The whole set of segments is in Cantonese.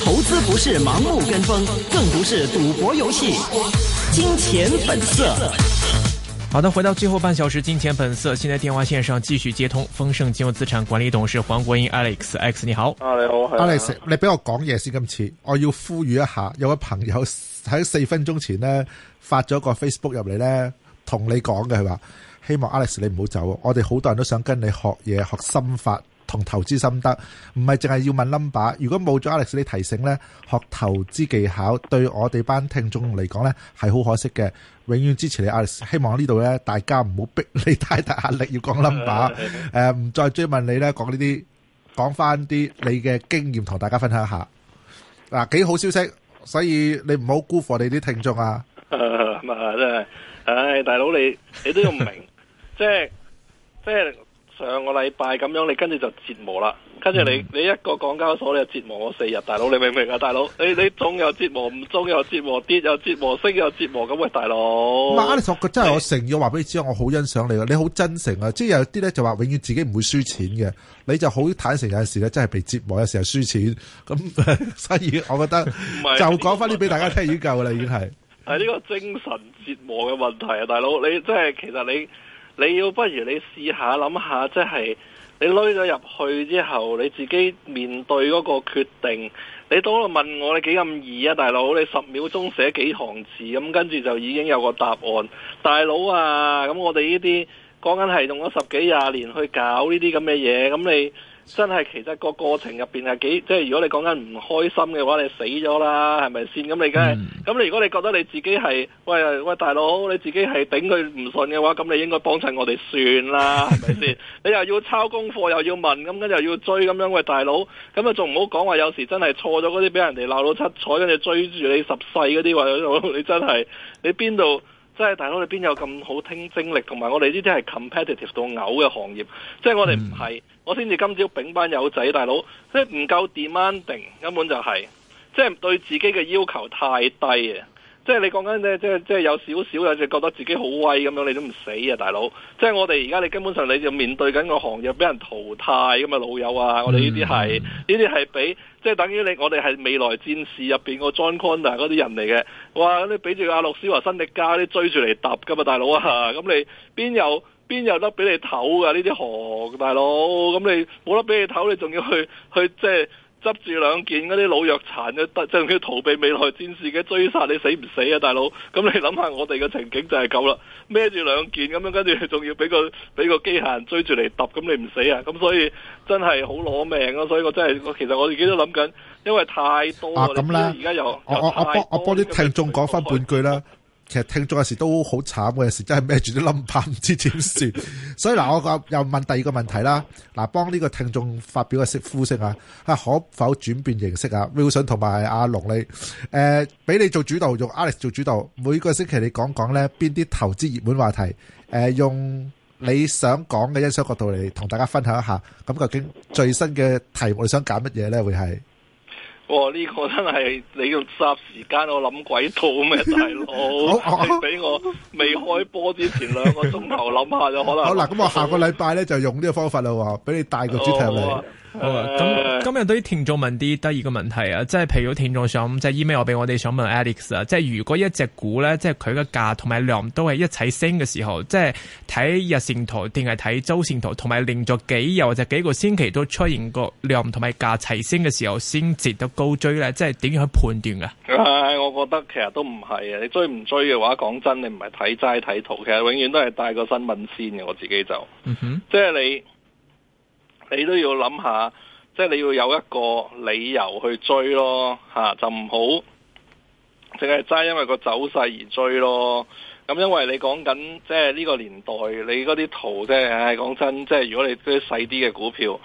投資不是盲目跟風，更不是賭博遊戲。金錢本色。好的，回到最後半小時《金錢本色》，現在電話線上繼續接通。豐盛金融資產管理董事黃國英 Alex，Alex，你好。啊，你好。Alex，你俾我講嘢先，今次我要呼籲一下，有位朋友喺四分鐘前呢發咗個 Facebook 入嚟呢，同你講嘅係話？希望 Alex 你唔好走，我哋好多人都想跟你學嘢、學心法同投資心得，唔係淨係要問 number。如果冇咗 Alex 你提醒咧，學投資技巧對我哋班聽眾嚟講咧係好可惜嘅。永遠支持你，Alex。希望呢度咧大家唔好逼你太大壓力要，要講 number。誒，唔再追問你咧，講呢啲，講翻啲你嘅經驗同大家分享下。嗱，啊，幾好消息，所以你唔好辜負我哋啲聽眾啊。真係，唉，大佬你你都要明。即係即係上個禮拜咁樣，你跟住就折磨啦。跟住你你一個港交所，你就折磨我四日，大佬你明唔明啊？大佬你你中又折磨，唔中又折磨，跌又折磨，升又折磨咁啊！大佬，唔係你講真係我誠要話俾你知我好欣賞你噶，你好真誠啊。即係有啲咧就話永遠自己唔會輸錢嘅，你就好坦誠。有陣時咧真係被折磨有，有陣時係輸錢咁， 所以我覺得就講翻啲俾大家聽已經夠啦，已經係係呢個精神折磨嘅問題啊！大佬你即係其實你。你你你要不如你試下諗下，即係你攞咗入去之後，你自己面對嗰個決定，你到度問我你幾咁易啊，大佬？你十秒鐘寫幾行字咁，跟住就已經有個答案，大佬啊！咁我哋呢啲講緊係用咗十幾廿年去搞呢啲咁嘅嘢，咁你。真係，其實個過程入邊係幾，即係如果你講緊唔開心嘅話，你死咗啦，係咪先？咁你梗係，咁你、嗯、如果你覺得你自己係，喂喂大佬，你自己係頂佢唔順嘅話，咁你應該幫襯我哋算啦，係咪先？ 你又要抄功課，又要問，咁跟又要追，咁樣喂大佬，咁啊仲唔好講話，有時真係錯咗嗰啲，俾人哋鬧到七彩，跟住追住你十世嗰啲話，你真係，你邊度？即係大佬，你邊有咁好聽精力？同埋我哋呢啲係 competitive 到嘔嘅行業，即係我哋唔係，嗯、我先至今朝丙班友仔大佬，即係唔夠 demanding，根本就係、是、即係對自己嘅要求太低嘅。即係你講緊咧，即係即係有少少有就覺得自己好威咁樣，你都唔死啊，大佬！即係我哋而家你根本上你就面對緊個行業俾人淘汰噶嘛。老友啊！我哋呢啲係呢啲係俾即係等於你我哋係未來戰士入邊個 John Connor 嗰啲人嚟嘅。哇！你俾住阿諾舒華辛力加啲追住嚟揼噶嘛，大佬啊！咁你邊有邊有得俾你唞噶？呢啲行大佬，咁你冇得俾你唞，你仲要去去即係。執住兩件嗰啲老弱殘嘅，即係逃避未來戰士嘅追殺，你死唔死啊，大佬？咁你諗下我哋嘅情景就係咁啦，孭住兩件咁樣，跟住仲要俾個俾個機械人追住嚟揼，咁你唔死啊？咁所以真係好攞命啊。所以我真係，我其實我自己都諗緊，因為太多啦。咁啦、啊，而家又我我我，我，我幫我幫啲聽眾講翻半句啦。 其實聽眾有時都好慘，有時真係孭住啲冧巴，唔知點算。 所以嗱，我又問第二個問題啦。嗱，幫呢個聽眾發表個聲呼聲啊，可否轉變形式啊？Wilson 同埋阿龍，你、呃、誒，俾你做主導，用 Alex 做主導，每個星期你講講咧邊啲投資熱門話題，誒、呃，用你想講嘅欣賞角度嚟同大家分享一下。咁究竟最新嘅題目你想揀乜嘢咧？會係？哇！呢、這個真係你要霎時間我諗鬼套咩，大佬？俾 我未開波之前兩個鐘頭諗下就可能。 好嗱，咁我下個禮拜咧就用呢個方法啦喎，俾你帶個主題嚟。哦好，咁今日對啲聽眾問啲得意嘅問題啊，即係譬如個聽眾想即係 email 俾我哋想問 Alex 啊，即係如果一隻股咧，即係佢嘅價同埋量都係一齊升嘅時候，即係睇日線圖定係睇周線圖，同埋連續幾日或者幾個星期都出現個量同埋價齊升嘅時候，先值得高追咧？即係點樣去判斷噶、啊？唉，我覺得其實都唔係啊！你追唔追嘅話，講真，你唔係睇齋睇圖，其實永遠都係帶個新聞先嘅。我自己就，嗯、哼，即係你。你都要諗下，即係你要有一個理由去追咯吓，啊，就唔好淨係齋因為個走勢而追咯。咁，嗯，因為你講緊即係呢個年代，你嗰啲圖即係講真，真，即係如果你啲細啲嘅股票。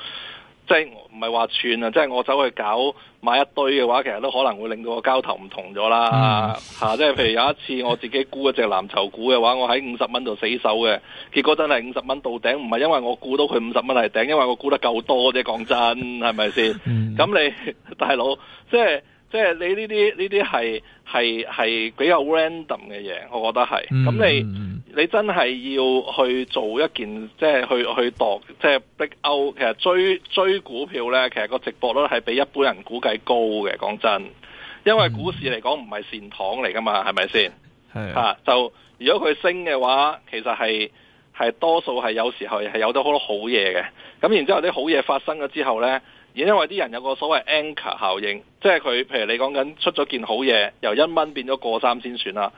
即係唔係話串啊！即係我走去搞買一堆嘅話，其實都可能會令到個交投唔同咗啦吓！即係譬如有一次我自己沽一隻藍籌股嘅話，我喺五十蚊度死守嘅，結果真係五十蚊到頂，唔係因為我沽到佢五十蚊係頂，因為我沽得夠多啫。講真，係咪先？咁、嗯、你大佬，即係即係你呢啲呢啲係係係比較 random 嘅嘢，我覺得係。咁、嗯、你。你真係要去做一件，即係去去度，即係逼歐。其實追追股票呢，其實個直播率係比一般人估計高嘅。講真，因為股市嚟講唔係善堂嚟噶嘛，係咪先？係吧啊，就如果佢升嘅話，其實係係多數係有時候係有咗好多好嘢嘅。咁然之後啲好嘢發生咗之後呢，因為啲人有個所謂 anchor 效應，即係佢譬如你講緊出咗件好嘢，由一蚊變咗過三先算啦。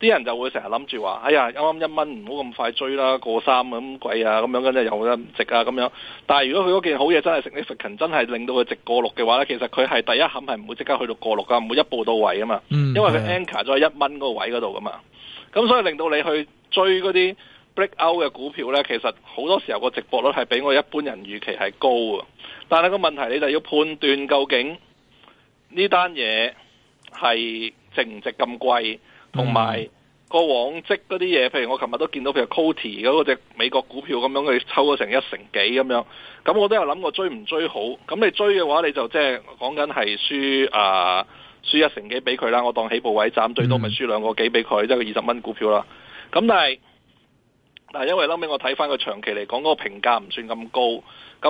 啲人就會成日諗住話：哎呀，啱啱一蚊，唔好咁快追啦，過三咁貴啊，咁樣跟住又咧唔值啊，咁樣。但係如果佢嗰件好嘢真係成啲食勤，真係令到佢值過六嘅話咧，其實佢係第一坎係唔會即刻去到過六噶，唔會一步到位噶嘛。嗯、因為佢 anchor 咗喺一蚊嗰個位嗰度噶嘛。咁、嗯、所以令到你去追嗰啲 break out 嘅股票呢，其實好多時候個直播率係比我一般人預期係高啊。但係個問題你就要判斷究竟呢單嘢係值唔值咁貴。同埋個往績嗰啲嘢，譬如我琴日都見到佢嘅 Coty 嗰個隻美國股票咁樣，佢抽咗成一成幾咁樣。咁我都有諗過追唔追好。咁你追嘅話，你就即係講緊係輸啊、呃，輸一成幾俾佢啦。我當起步位，站最多咪輸兩個幾俾佢，一個二十蚊股票啦。咁但係，但係因為後尾我睇翻佢長期嚟講嗰個評價唔算咁高，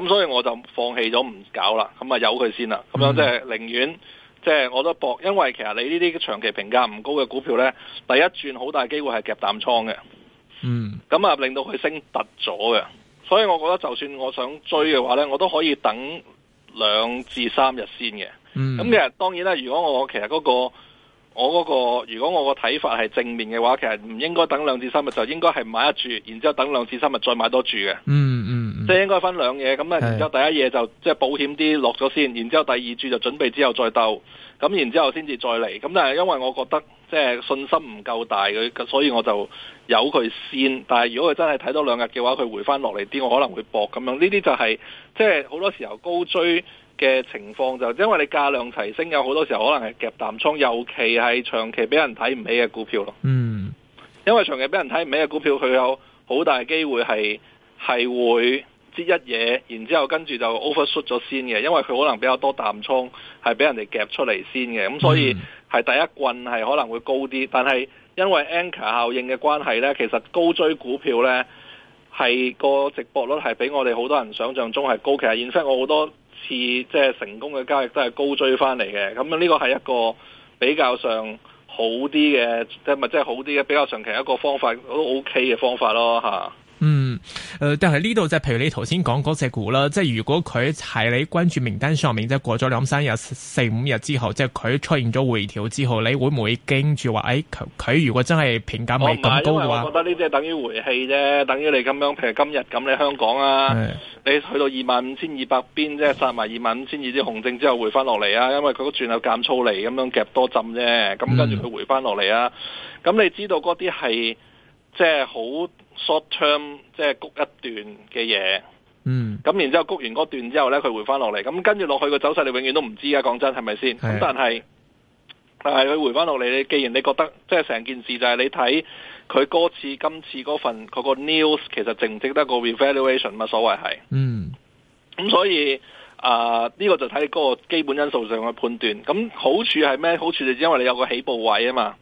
咁所以我就放棄咗唔搞啦。咁啊，由佢先啦。咁樣即係寧願。即係我都搏，因為其實你呢啲長期評價唔高嘅股票呢，第一轉好大機會係夾淡倉嘅。嗯。咁啊，令到佢升突咗嘅，所以我覺得就算我想追嘅話呢，我都可以等兩至三日先嘅。嗯。咁其實當然啦，如果我其實嗰個，我嗰個，如果我個睇法係正面嘅話，其實唔應該等兩至三日，就應該係買一注，然之後等兩至三日再買多注嘅。嗯。嗯嗯。即係、嗯、應該分兩嘢，咁、嗯、啊，然之後第一嘢就即係保險啲落咗先，然之後第二注就準備之後再鬥，咁然之後先至再嚟。咁但係因為我覺得即係信心唔夠大，佢所以我就由佢先。但係如果佢真係睇多兩日嘅話，佢回翻落嚟啲，我可能會搏。咁樣。呢啲就係、是、即係好多時候高追嘅情況，就因為你價量提升，有好多時候可能係夾淡倉，尤其係長期俾人睇唔起嘅股票咯。嗯，因為長期俾人睇唔起嘅股票，佢有好大機會係係會。接一嘢，然之後跟住就 overshoot 咗先嘅，因為佢可能比較多淡倉，係俾人哋夾出嚟先嘅，咁所以係第一棍係可能會高啲。但係因為 anchor 效應嘅關係呢，其實高追股票呢，係個值博率係比我哋好多人想象中係高其嘅。而且我好多次即係成功嘅交易都係高追翻嚟嘅。咁呢個係一個比較上好啲嘅，即係咪即係好啲嘅比較長期一個方法都 OK 嘅方法咯，嚇。嗯，誒、就是，但係呢度就係譬如你頭先講嗰隻股啦，即係如果佢喺你關注名單上面，即係過咗兩三日、四五日之後，即係佢出現咗回調之後，你會唔會驚住話？誒、哎，佢佢如果真係評價冇咁高嘅話，我，我覺得呢啲係等於回氣啫，等於你咁樣，樣，譬如今日咁，你香港啊，是你去到二萬五千二百邊，即係殺埋二萬五千二隻紅證之後回翻落嚟啊，因為佢轉有減粗嚟咁樣夾多浸啫，咁跟住佢回翻落嚟啊，咁、嗯、你知道嗰啲係即係好。就是 short term 即係谷一段嘅嘢，嗯，咁然之後谷完嗰段之後咧，佢回翻落嚟，咁跟住落去個走勢你永遠都唔知啊！講真係咪先？咁的、嗯、但係，但係佢回翻落嚟，你既然你覺得即係成件事就係你睇佢嗰次今次嗰份嗰、那個 news 其實值唔值得個 revaluation 嘛、嗯嗯？所謂係，嗯、呃，咁所以啊，呢個就睇你嗰個基本因素上嘅判斷。咁好處係咩？好處就因為你有個起步位啊嘛。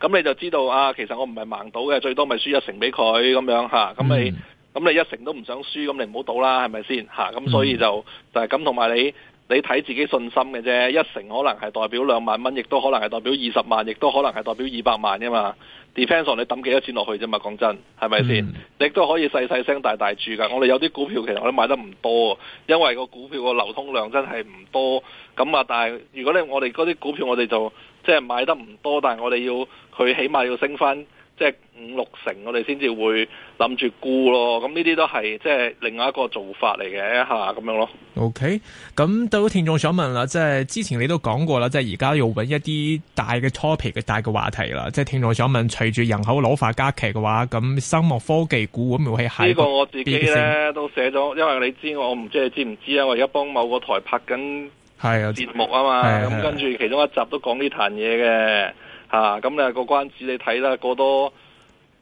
咁你就知道啊，其實我唔係盲賭嘅，最多咪輸一成俾佢咁樣嚇。咁、啊、你咁、嗯、你一成都唔想輸，咁你唔好賭啦，係咪先吓，咁、啊、所以就但係咁，同埋、嗯、你你睇自己信心嘅啫。一成可能係代表兩萬蚊，亦都可能係代表二十萬，亦都可能係代表二百萬嘅嘛。Depends on、嗯、你抌幾多錢落去啫嘛？講真係咪先？你都可以細細聲大大注㗎。我哋有啲股票其實我哋買得唔多，因為個股票個流通量真係唔多咁啊。但係如果咧，我哋嗰啲股票我哋就即係、就是、買得唔多，但係我哋要。佢起碼要升翻即係五六成，我哋先至會諗住沽咯。咁呢啲都係即係另外一個做法嚟嘅，嚇、啊、咁樣咯。OK，咁對住聽眾想問啦，即係之前你都講過啦，即係而家要揾一啲大嘅 topic、大嘅話題啦。即係聽眾想問，隨住人口老化加劇嘅話，咁生物科技股會唔會係下一個？呢個我自己咧都寫咗，因為你知我唔知你知唔知啊？因為我而家幫某個台拍緊係節目啊嘛，咁、啊啊啊、跟住其中一集都講呢壇嘢嘅。啊，咁你過關子你睇啦，過多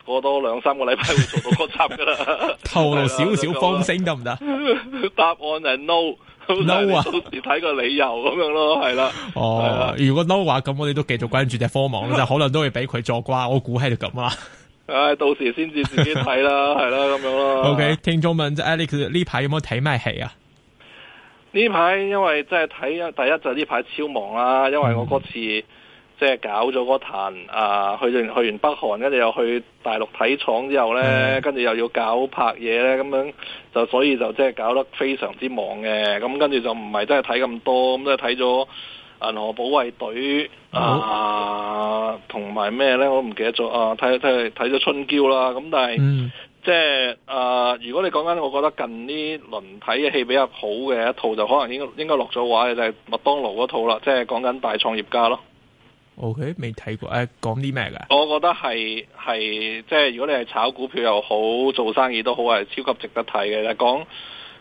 過多兩三個禮拜會做到嗰集噶啦，透露少少風聲得唔得？答案係 no，no 啊，到時睇個理由咁樣咯，係啦。哦，如果 no 話，咁我哋都繼續關注隻科網就可能都會俾佢作瓜。我估係就咁啦。唉，到時先至自己睇啦，係啦，咁樣咯。OK，聽眾問，即係 Alex 呢排有冇睇咩戲啊？呢排因為即係睇，第一就係呢排超忙啦，因為我嗰次。即係搞咗嗰壇啊！去完去完北韓，跟住又去大陸睇廠之後呢，跟住又要搞拍嘢呢。咁樣就所以就即係搞得非常之忙嘅。咁跟住就唔係真係睇咁多咁，都係睇咗《銀河保衛隊》啊，同埋咩呢？我唔記得咗啊！睇睇睇咗《春嬌》啦、嗯。咁、嗯、但係即係啊！如果你講緊，我覺得近呢輪睇嘅戲比較好嘅一套，就可能應該應該落咗畫嘅就係麥當勞嗰套啦。即係講緊大創業家咯。O K，未睇過，誒、啊，講啲咩噶？我覺得係係即係，如果你係炒股票又好，做生意都好，係超級值得睇嘅。講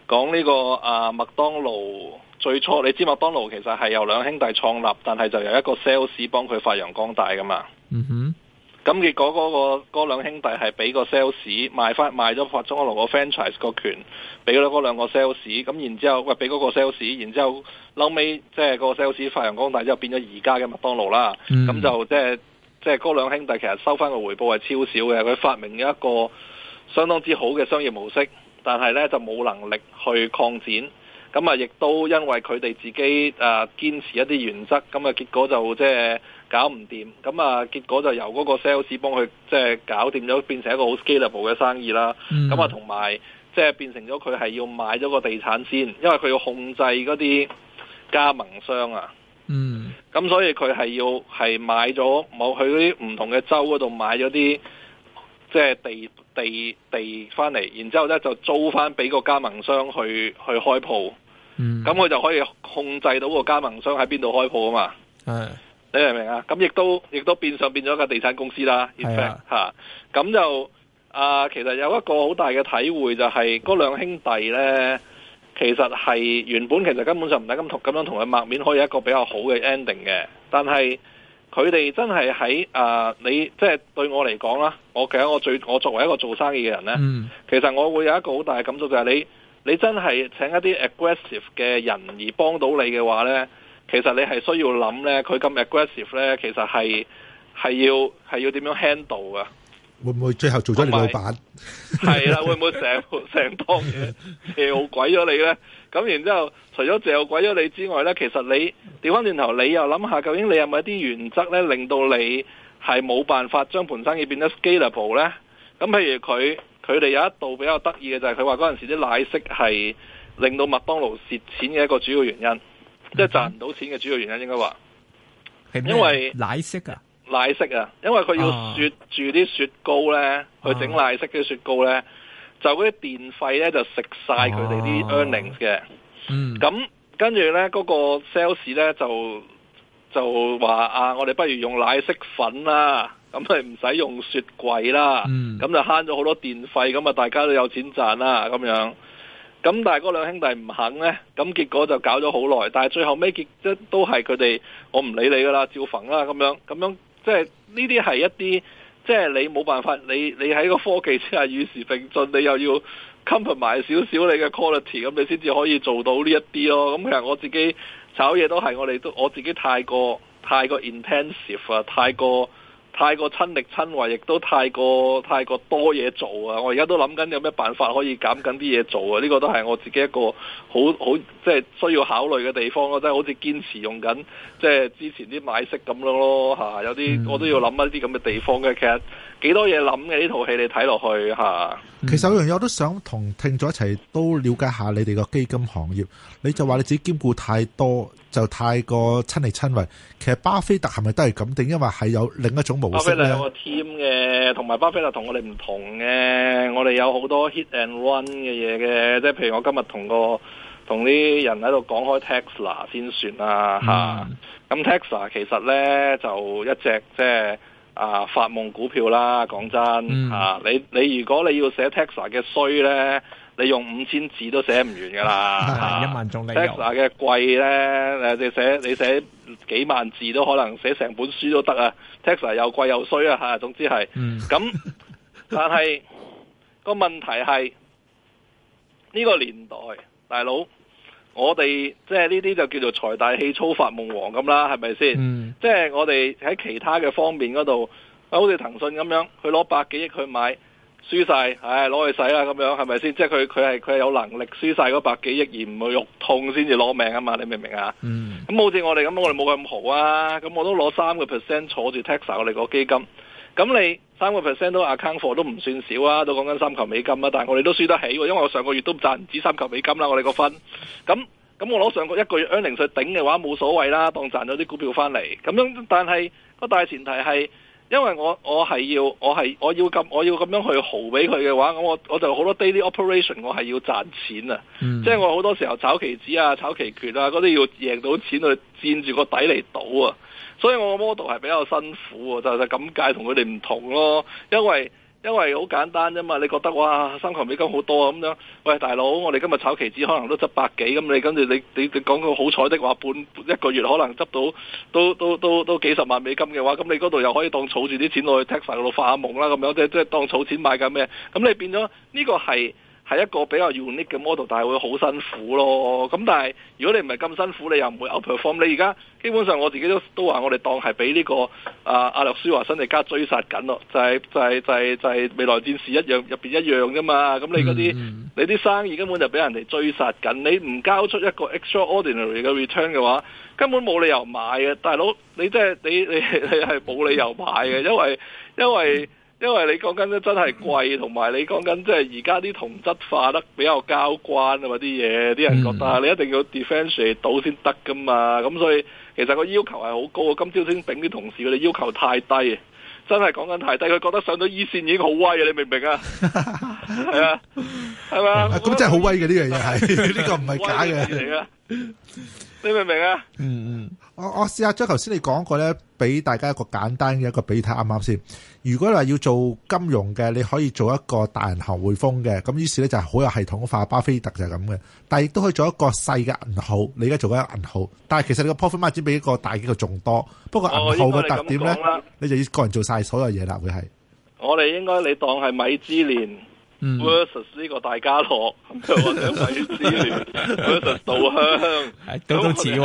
講呢個啊，麥當勞最初，你知麥當勞其實係由兩兄弟創立，但係就由一個 sales 幫佢發揚光大噶嘛。嗯哼。咁結果嗰、嗰個兩、嗰個、兄弟係俾個 sales 賣翻賣咗麥當勞個 franchise 個權俾咗嗰兩個 sales，咁然之後喂俾嗰個 sales，然之後嬲尾即係個 sales 發揚光大之後變咗而家嘅麥當勞啦。咁、嗯、就即係即係嗰兩兄弟其實收翻個回報係超少嘅，佢發明一個相當之好嘅商業模式，但係咧就冇能力去擴展，咁啊亦都因為佢哋自己誒堅、呃、持一啲原則，咁啊結果就即係。搞唔掂咁啊，嗯嗯、結果就由嗰個 sales 幫佢即係搞掂咗，變成一個好 scalable 嘅生意啦。咁啊、嗯，同埋即係變成咗佢係要買咗個地產先，因為佢要控制嗰啲加盟商啊。嗯。咁所以佢係要係買咗冇去嗰啲唔同嘅州嗰度買咗啲即係地地地翻嚟，然之後咧就租翻俾個加盟商去去開鋪。咁佢、嗯、就可以控制到個加盟商喺邊度開鋪啊嘛。係、嗯。嗯你明唔明啊？咁亦都亦都變相變咗一個地產公司啦，係啊，吓咁就啊，其實有一個好大嘅體會就係嗰兩兄弟咧，其實係原本其實根本就唔係咁同咁樣同佢抹面可以一個比較好嘅 ending 嘅，但係佢哋真係喺啊，你即係、就是、對我嚟講啦，我嘅我最我作為一個做生意嘅人咧，嗯、其實我會有一個好大嘅感觸就係、是、你你真係請一啲 aggressive 嘅人而幫到你嘅話咧。其實你係需要諗呢，佢咁 aggressive 呢，其實係係要係要點樣 handle 噶？會唔會最後做咗你老闆？係啦，啊、 會唔會成成幫嘢嚼鬼咗你咧？咁然之後，除咗嚼鬼咗你之外呢，其實你調翻轉頭，你又諗下究竟你有冇啲原則咧，令到你係冇辦法將盤生意變得 scalable 呢？咁譬如佢佢哋有一度比較得意嘅就係佢話嗰陣時啲奶昔係令到麥當勞蝕錢嘅一個主要原因。即係賺唔到錢嘅主要原因，應該話因為奶昔啊，奶昔啊，因為佢要雪住啲雪糕呢，去整奶昔嘅雪糕呢，啊、就嗰啲電費呢就食晒佢哋啲 earnings 嘅、啊。嗯，咁跟住呢，嗰、嗰個 sales 呢就就話啊，我哋不如用奶昔粉啦，咁佢唔使用雪櫃啦，咁、嗯、就慳咗好多電費，咁啊大家都有錢賺啦，咁樣。咁但係嗰兩兄弟唔肯呢，咁結果就搞咗好耐，但係最後尾，結即都係佢哋，我唔理你噶啦，照焚啦咁樣咁樣，即係呢啲係一啲即係你冇辦法，你你喺個科技之下與時並進，你又要 combine 埋少少你嘅 quality，咁你先至可以做到呢一啲咯。咁、嗯、其實我自己炒嘢都係我哋都我自己太過太過 intensive 啊，太過。太過太過親力親為，亦都太過太過多嘢做啊！我而家都諗緊有咩辦法可以減緊啲嘢做啊！呢個都係我自己一個好好即係需要考慮嘅地方咯，即係好似堅持用緊即係之前啲買息咁樣咯嚇、啊，有啲我都要諗一啲咁嘅地方嘅其實。幾多嘢諗嘅呢套戲你睇落去吓？啊嗯、其實有樣嘢我都想同聽咗一齊都了解下你哋個基金行業。你就話你自己兼顧太多就太過親力親為。其實巴菲特係咪都係咁定？因為係有另一種模式。巴菲特有個 team 嘅，同埋巴菲特同我哋唔同嘅。我哋有好多 hit and run 嘅嘢嘅，即係譬如我今日同個同啲人喺度講開 Tesla 先算啦吓。咁、啊嗯、Tesla 其實呢，就一隻即係。就是啊！發夢股票啦，講真嚇、嗯啊，你你如果你要寫 Tesla 嘅衰咧，你用五千字都寫唔完噶啦、啊啊、一萬種理由 Tesla 嘅貴咧，你寫你寫，你寫幾萬字都可能寫成本書都得啊。Tesla 又貴又衰啊嚇、啊，總之係咁、嗯。但係個 問題係呢、呢個年代，大佬。我哋即係呢啲就叫做財大氣粗發夢王咁啦，係咪先？嗯、即係我哋喺其他嘅方面嗰度，好似騰訊咁樣，佢攞百幾億去買，輸晒，唉、哎，攞去使啦咁樣，係咪先？即係佢佢係佢係有能力輸晒嗰百幾億而唔會肉痛先至攞命啊嘛？你明唔明啊？咁、嗯、好似我哋咁，我哋冇咁豪啊，咁我都攞三個 percent 坐住 Tesla 我哋個基金，咁你。三個 percent 都 account for，都唔算少啊，都講緊三球美金啊，但係我哋都輸得起喎，因為我上個月都賺唔止三球美金啦，我哋個分。咁咁我攞上個一個月啲零去頂嘅話冇所謂啦，當賺咗啲股票翻嚟。咁樣，但係個大前提係，因為我我係要我係我要咁我要咁樣，樣去豪俾佢嘅話，咁我我就好多 daily operation 我係要賺錢啊，嗯、即係我好多時候炒期指啊、炒期權啊嗰啲要贏到錢去佔住個底嚟賭啊。所以我個 model 係比較辛苦喎，就就咁解同佢哋唔同咯，因為因為好簡單啫嘛，你覺得哇三球美金好多咁樣，喂，大佬，我哋今日炒期指可能都執百幾，咁你跟住你你你講個好彩的話，半一個月可能執到都都都都幾十萬美金嘅話，咁你嗰度又可以當儲住啲錢落去 taxer 嗰度發下夢啦，咁樣即即當係儲錢買緊咩？咁你變咗呢個係。係一個比較 unique 嘅 model，但係會好辛苦咯。咁但係如果你唔係咁辛苦，你又唔會 outperform。你而家基本上我自己都都話、這個，我哋當係俾呢個阿阿諾舒華辛力加追殺緊咯。就係、是、就係、是、就係、是、就係、是、未來戰士一樣入邊一樣啫嘛。咁你嗰啲、mm hmm。你啲生意根本就俾人哋追殺緊。你唔交出一個 extraordinary 嘅 return 嘅話，根本冇理由買嘅，大佬。你即、就、係、是、你你你係冇理由買嘅，因為因為。因為你講緊咧真係貴，同埋你講緊即係而家啲同質化得比較交關啊嘛，啲嘢，啲人覺得你一定要 defensive 到先得噶嘛，咁所以其實個要求係好高啊，今朝先頂啲同事佢哋要求太低，真係講緊太低，佢覺得上到 E 線已經好威啊，你明唔明啊？係啊，係嘛？咁真係好威嘅呢樣嘢係，呢 個唔係假嘅。 你明唔明啊？嗯嗯，我我試下將頭先你講過咧，俾大家一個簡單嘅一個比睇啱唔啱先看看。如果你話要做金融嘅，你可以做一個大銀行匯豐嘅，咁於是咧就係好有系統化，巴菲特就係咁嘅。但係亦都可以做一個細嘅銀行，你而家做緊銀行，但係其實你個 performance 只比一個大機構仲多。不過銀行嘅特點咧，哦、你，你就要個人做晒所有嘢啦，會係。我哋應該你當係米芝蓮。versus 呢個大家樂，我想 米芝蓮 versus 稻香，係都似米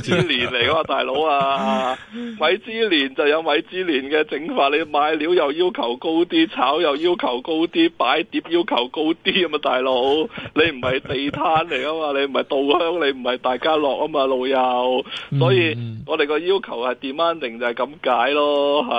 芝蓮嚟噶嘛，大佬啊，米芝蓮就有米芝蓮嘅整法，你買料又要求高啲，炒又要求高啲，擺碟要求高啲啊嘛，大佬，你唔係地攤嚟啊嘛，你唔係稻香，你唔係大家樂啊嘛，老友，所以我哋個要求係 demanding 就係咁解咯吓。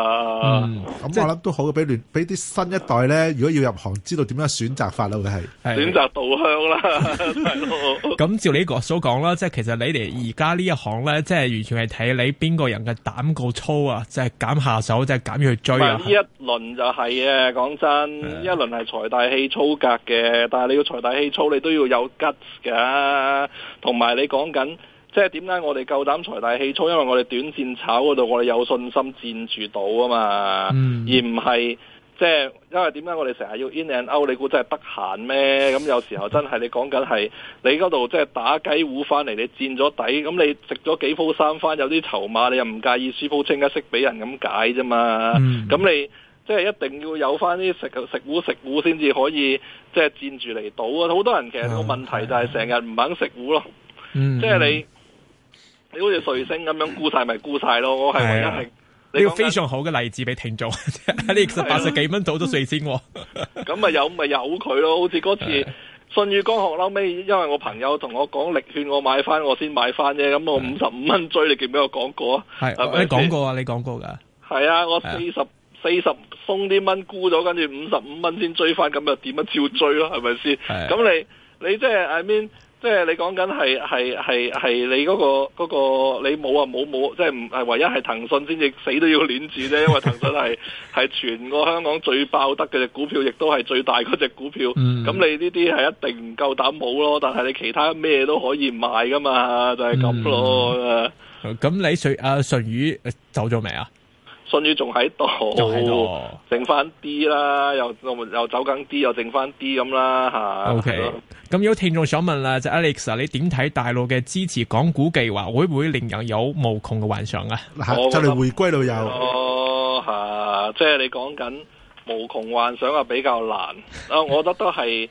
咁我諗都好嘅，俾聯俾啲新一代咧，如果要入行，知道點咩選擇法啦？嘅係選擇稻香啦，係咯。咁照你哥所講啦，即係其實你哋而家呢一行咧，即係完全係睇你邊個人嘅膽夠粗啊，即係敢下手，即係敢去追啊。呢的 一輪就係嘅，講真，呢一輪係財大氣粗格嘅，但係你要財大氣粗，你都要有 guts 嘅。同埋你講緊，即係點解我哋夠膽財大氣粗？因為我哋短線炒嗰度，我哋有信心佔住到啊嘛。嗯，而唔係。即係，因為點解我哋成日要 in and out？你估真係得閒咩？咁有時候真係，你講緊係你嗰度即係打雞糊翻嚟，你賺咗底，咁你食咗幾鋪三番，有啲籌碼，你又唔介意輸鋪清一色俾人咁解啫嘛？咁、嗯、你即係、就是、一定要有翻啲食食糊食糊先至可以，即係賺住嚟賭啊！好多人其實個問題就係成日唔肯食糊咯，即係、嗯嗯、你你好似瑞聲咁樣沽晒咪沽晒咯，嗯、我係唯一係一個非常好嘅例子俾聽眾，呢 其實八十幾蚊倒咗最先，咁咪、嗯、 有咪有佢咯？好似嗰次信裕的江學嬲尾，因為我朋友同我講力勸我買翻，我先買翻啫。咁我五十五蚊追，你記唔記得我講過啊？係的你講過啊？你講過噶？係啊，我四十四十鬆啲蚊沽咗，跟住五十五蚊先追翻，咁就點樣照追咯？係咪先？咁你你即係 I mean。即係你講緊係系系係你嗰、嗰個、嗰個你冇啊冇冇即係唔係唯一係騰訊先至死都要攣住啫，因為騰訊係係全個香港最爆得嘅隻股票，亦都係最大嗰隻股票。咁、嗯、你呢啲係一定唔夠膽冇咯，但係你其他咩都可以買噶嘛，就係、是、咁咯。咁你、嗯，舜阿舜宇走咗未啊？舜、啊、宇仲喺度，剩翻啲啦，又又，又走緊啲，又剩翻啲咁啦吓。啊 okay. 咁有聽眾想問啦，就是、Alex 你點睇大陸嘅支持港股計劃，會唔會令人有無窮嘅幻想，哦那個哦、啊？就嚟回歸到又哦吓，即係你講緊無窮幻想啊，比較難啊。 我覺得都係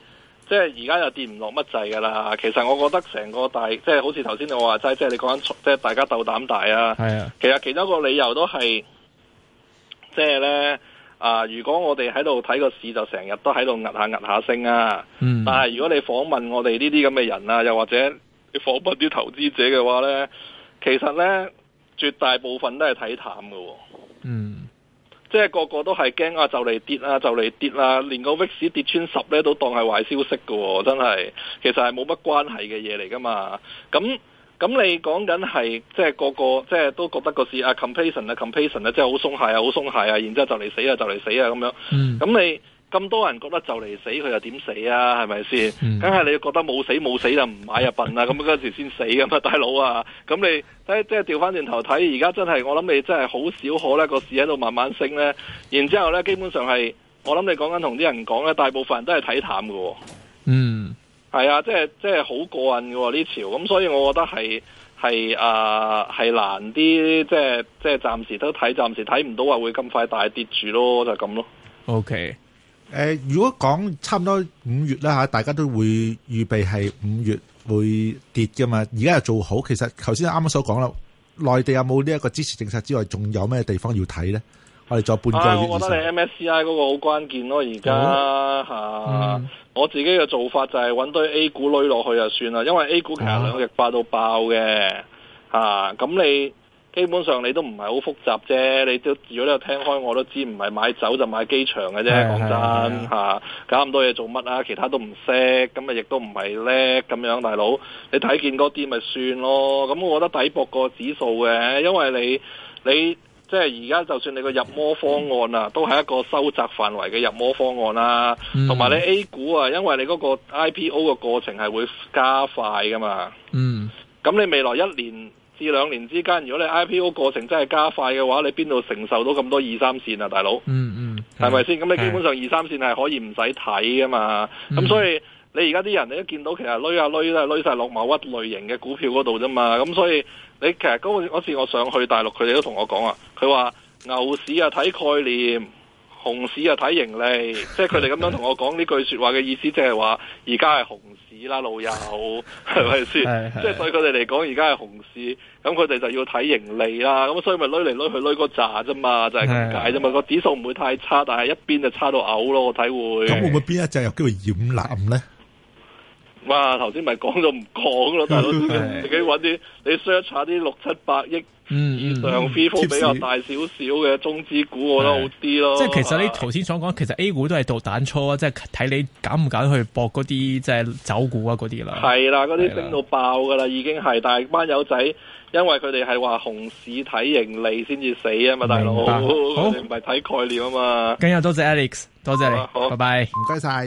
即係而家又跌唔落乜滯噶啦。其實我覺得成個大即係、就是、好似頭先你話齋，即係你講緊即係大家鬥膽大啊。係啊，其實其中一個理由都係即係咧。就是啊！Uh, 如果我哋喺度睇個市，就成日都喺度壓下壓下升啊。但係如果你訪問我哋呢啲咁嘅人啊，又或者你訪問啲投資者嘅話咧，其實咧，絕大部分都係睇淡噶。嗯，即係個個都係驚啊！就嚟跌啊！就嚟跌啦！連個 Vix 跌穿十咧，都當係壞消息噶。真係，其實係冇乜關係嘅嘢嚟噶嘛。咁。咁你講緊係即係個個即係都覺得個市啊 completion 啊 completion 啊，即係好鬆懈啊，好鬆懈啊，然之後就嚟死啊，就嚟死啊，咁樣。咁你咁多人覺得就嚟死，佢又點死啊？係咪先？梗係你覺得冇死冇死就唔買啊笨啊！咁嗰時先死噶嘛，大佬啊！咁你即係調翻轉頭睇，而家真係我諗你真係好少可咧，個市喺度慢慢升咧，然之後咧基本上係我諗你講緊同啲人講咧，大部分人都係睇淡嘅喎。嗯。嗯嗯係啊，即係即係好過癮噶喎呢潮咁、嗯，所以我覺得係係啊係難啲，即係即係暫時都睇，暫時睇唔到話會咁快大跌住咯，就咁、是、咯。OK，誒，如果講差唔多五月啦吓、啊，大家都會預備係五月會跌噶嘛。而家又做好，其實頭先啱啱所講啦，內地有冇呢一個支持政策之外，仲有咩地方要睇咧？我哋半個月、啊、我覺得你 MSCI 嗰個好關鍵咯，而家嚇。我自己嘅做法就係揾堆 A 股擂落去就算啦，因為 A 股其實兩日爆到爆嘅嚇。咁、啊啊、你基本上你都唔係好複雜啫，你都如果你有聽開我都知，唔係買酒就買機場嘅啫。講是真嚇、啊，搞咁多嘢做乜啊？其他都唔識，咁咪亦都唔係叻咁樣，大佬你睇見嗰啲咪算咯。咁我覺得抵博個指數嘅，因為你你。你你你即係而家，就算你個入摩方案啊，都係一個收窄範圍嘅入摩方案啦、啊。同埋、嗯、你 A 股啊，因為你嗰個 IPO 嘅過程係會加快噶嘛。嗯。咁你未來一年至兩年之間，如果你 IPO 過程真係加快嘅話，你邊度承受到咁多二三線啊？大佬、嗯？嗯嗯。係咪先？咁是的 你基本上二三線係可以唔使睇噶嘛。咁、嗯、所以你而家啲人你一見到其實濾下濾啦，濾晒落某一類型嘅股票嗰度啫嘛。咁所以。你其實嗰次我上去大陸，佢哋都同我講啊，佢話牛市啊睇概念，熊市啊睇盈利，即係佢哋咁樣同我講呢句説話嘅意思，即係話而家係熊市啦，老友係咪先？即係對佢哋嚟講，而家係熊市，咁佢哋就要睇盈利啦。咁所以咪攞嚟攞去攞個炸啫嘛，就係、是、咁解啫嘛。個指數唔會太差，但係一邊就差到嘔咯，我體會。咁會唔會邊一隻有機會掩籃咧？哇！頭先咪講咗唔講咯，大佬自己揾啲，你 search 下啲六七百億以上，people 比較大少少嘅中資股，嗯嗯嗯、我覺得好啲咯。即係其實你頭先所講，其實 A 股都係導彈初啊，即係睇你敢唔敢去搏嗰啲即係走股啊嗰啲啦。係啦，嗰啲升到爆噶啦，已經係，但係班友仔因為佢哋係話紅市睇盈利先至死啊嘛，大佬我哋唔係睇概念啊嘛。今日多謝 Alex，多謝你，謝你謝你拜拜，唔該曬。